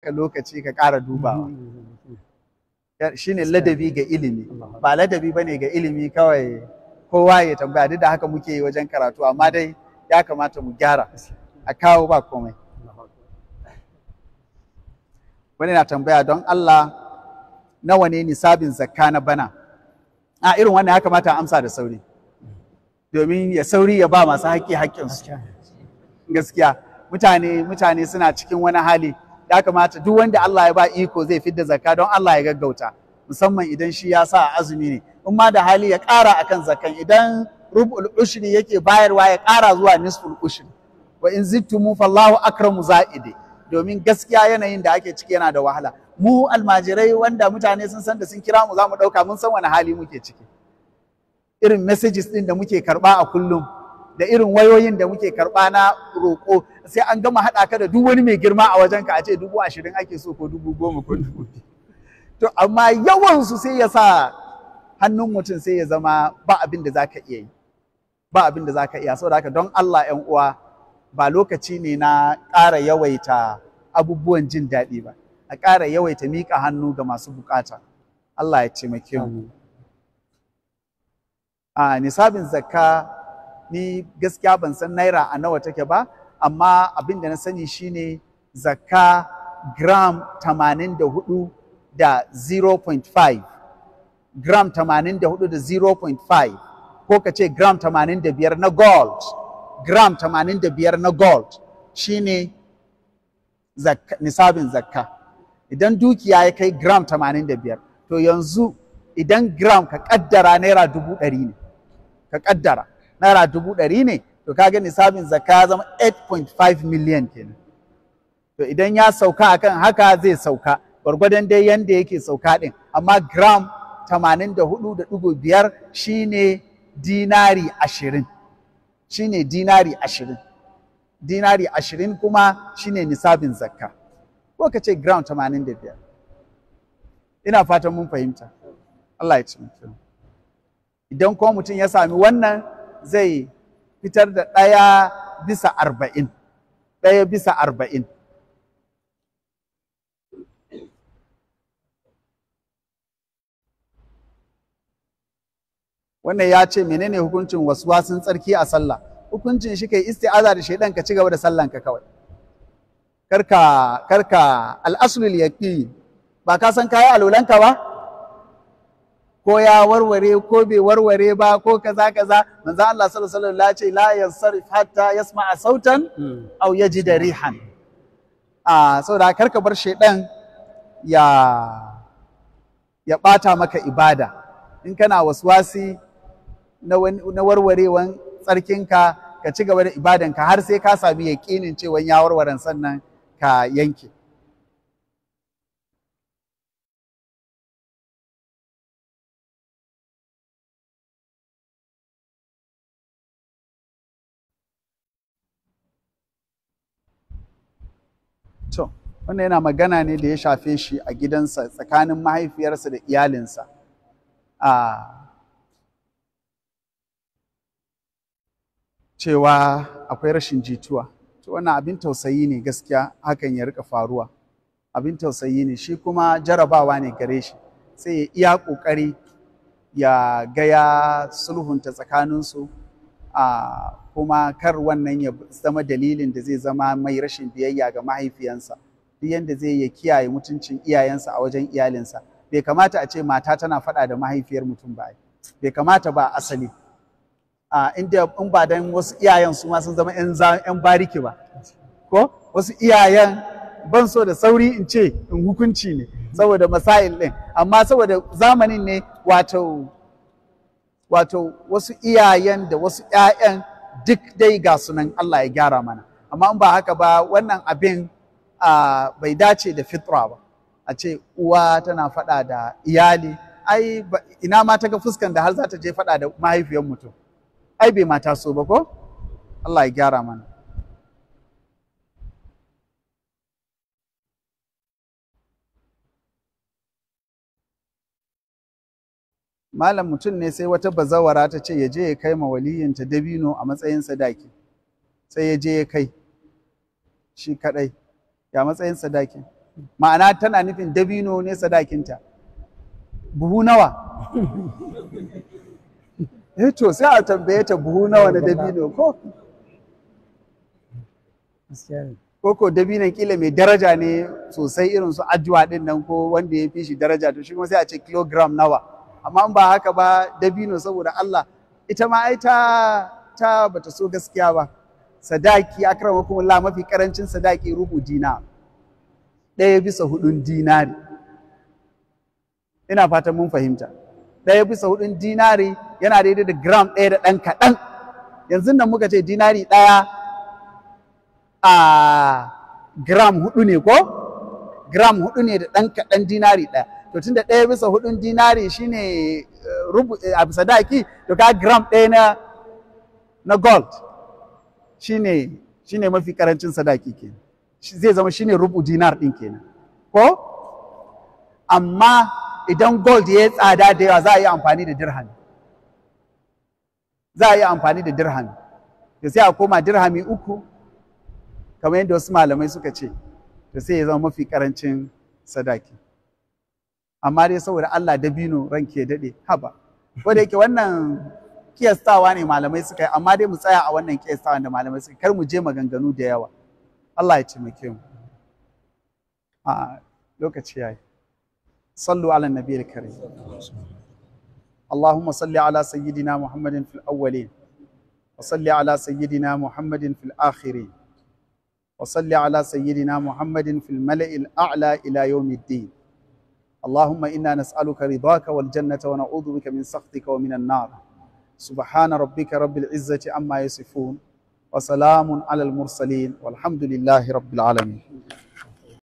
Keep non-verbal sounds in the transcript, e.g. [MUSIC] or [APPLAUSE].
ka lokaci ka ƙara dubawa ne ladabi ga ilimi ba ladabi ba ne ga ilimi kawai kowa ya tambaya duk da haka muke yi wajen karatu amma dai ya kamata mu gyara a kawo ba komai wani na tambaya don Allah nawa ne nisabin zakka na bana a irin wannan ya kamata amsa da sauri domin ya sauri ya ba masu haƙƙi haƙƙinsu gaskiya mutane suna cikin wani hali ya kamata duk wanda Allah ya ba iko zai fidda zakka don Allah ya gaggauta musamman idan shi ya sa azumi ne in ma da hali ya ƙara akan zakkan idan rub'ul ushri yake bayarwa ya ƙara zuwa nisful ushri wa in zittumu fallahu akramu za'idi domin gaskiya yanayin da ake ciki yana da wahala mu almajirai wanda mutane sun san da sun kira mu za mu ɗauka mun san wani hali muke ciki irin messages ɗin da muke karɓa a kullum da irin wayoyin da muke karɓa na roƙo sai an gama haɗa ka da duk wani mai girma a wajen ka a ce dubu ashirin ake so ko dubu goma ko dubu to amma yawansu sai ya sa hannun mutum sai ya zama ba abin da za ka iya yi ba abin da za ka iya saboda haka don Allah ‘yan uwa ba lokaci ne na ƙara yawaita abubuwan jin daɗi ba a ƙara yawaita miƙa hannu ga masu buƙata Allah ya taimake mu a nisabin zakka ni gaskiya ban san naira a nawa take ba amma abin da na sani shine zakka gram 84 da 0.5 gram 84 da 0.5 ko ka ce gram 85 na gold gram 85 na gold shine nisabin zakka idan dukiya ya kai gram 85 to yanzu idan gram ka kaddara naira dubu ɗari ne ka kaddara naira dubu ɗari ne to kaga nisabin zakka zama 8.5 million kenan to idan ya sauka akan haka zai sauka gwargwadon dai yanda yake sauka din amma gram 84.5 shine dinari 20 shine dinari 20 dinari 20 kuma shine nisabin zakka ko ka ce gram 85 ina fatan mun fahimta Allah ya ci idan kuma mutum ya sami wannan zai fitar da ɗaya bisa arba'in ɗaya bisa arba'in wannan ya ce menene hukuncin wasan tsarki a sallah hukuncin shi kai isti'aza da shaidan ka ci gaba da sallanka kawai karka karka al'aslul ba ka san kayan alulanka ba ko ya warware ko bai warware ba ko kaza kaza manzo Allah sallallahu alaihi wasallam ya ce la yansarif hatta yasma'a sautan hmm. aw yajida rihan a ah, saboda karka bar shedan ya ya bata maka ibada in kana waswasi na warwarewan tsarkinka ka ci gaba da ibadanka har sai ka sami yaƙinin cewa ya warware sannan ka yanke wannan yana magana ne da ya shafe shi a gidansa tsakanin mahaifiyarsa da iyalinsa a cewa akwai rashin jituwa to wannan abin tausayi ne gaskiya hakan ya rika faruwa abin tausayi ne shi kuma jarabawa ne gare shi sai ya iya ƙoƙari ya gaya sulhunta tsakaninsu a kuma kar wannan ya zama dalilin da zai zama mai rashin biyayya ga mahaifiyansa duk yanda zai ya kiyaye mutuncin iyayensa a wajen iyalinsa bai kamata a ce mata tana faɗa da mahaifiyar mutum ba bai kamata ba asali a inda in ba dan wasu iyayen su ma sun zama yan bariki ba ko wasu iyayen ban so da sauri in ce in hukunci ne saboda masail din amma saboda zamanin ne wato wato wasu iyayen da wasu ƴaƴan duk dai ga sunan Allah ya gyara mana amma in ba haka ba wannan abin bai dace da fitra ba a ce uwa tana faɗa da iyali ai ina ma ta ga fuskan da har za ta je faɗa da mahaifiyar mutum ai bai mata so ba ko Allah ya gyara mana malam mutum ne sai wata bazawara ta ce ya je ya kai ma ta dabino a matsayin sadaki sai ya je ya kai shi kadai ya matsayin sadakin ma'ana tana nufin dabino ne sadakinta buhu nawa [LAUGHS] eh to sai a tambaye ta buhu nawa na dabino ko koko dabinan kila mai daraja ne sosai irin su ajuwa din nan ko wanda ya fi shi daraja to shi kuma sai a ce kilogram nawa amma ba haka ba dabino saboda Allah ita ma ai ta ta bata so gaskiya ba sadaki Allah mafi karancin sadaki rubu dina ɗaya bisa hudun dinari ina fatan mun fahimta ɗaya bisa hudun dinari yana daidai da gram ɗaya da ɗan kaɗan yanzu nan muka ce dinari ɗaya a gram hudu ne ko gram hudu ne da ɗan kaɗan dinari ɗaya to tunda ɗaya bisa hudun dinari shine eh, rubu a eh, bisa daki to ka gram ɗaya na na gold shine shine mafi karancin sadaki ke zai zama shine rubu dinar din kenan ko amma idan gold ya tsada da yawa za a yi amfani da dirham za a yi amfani da dirham da sai a koma dirhami uku kamar yadda wasu malamai suka ce da sai ya zama mafi karancin sadaki amma dai saboda Allah dabino ranke ya daɗe haba wanda yake wannan kiyastawa ne malamai suka yi amma dai mu tsaya a wannan kiyastawan da malamai suka kar mu je maganganu da yawa Allah ya taimake mu a lokaci yayi sallu ala nabiyil karim اللهم صل على سيدنا محمد في الأولين وصل على سيدنا محمد في الآخرين وصل على سيدنا محمد في الملأ الأعلى إلى يوم الدين اللهم إنا نسألك رضاك والجنة ونعوذ بك من سخطك ومن النار subhana rabbika rabbil izzati amma yasifun wa salamun alal mursalin walhamdulillahi rabbil alamin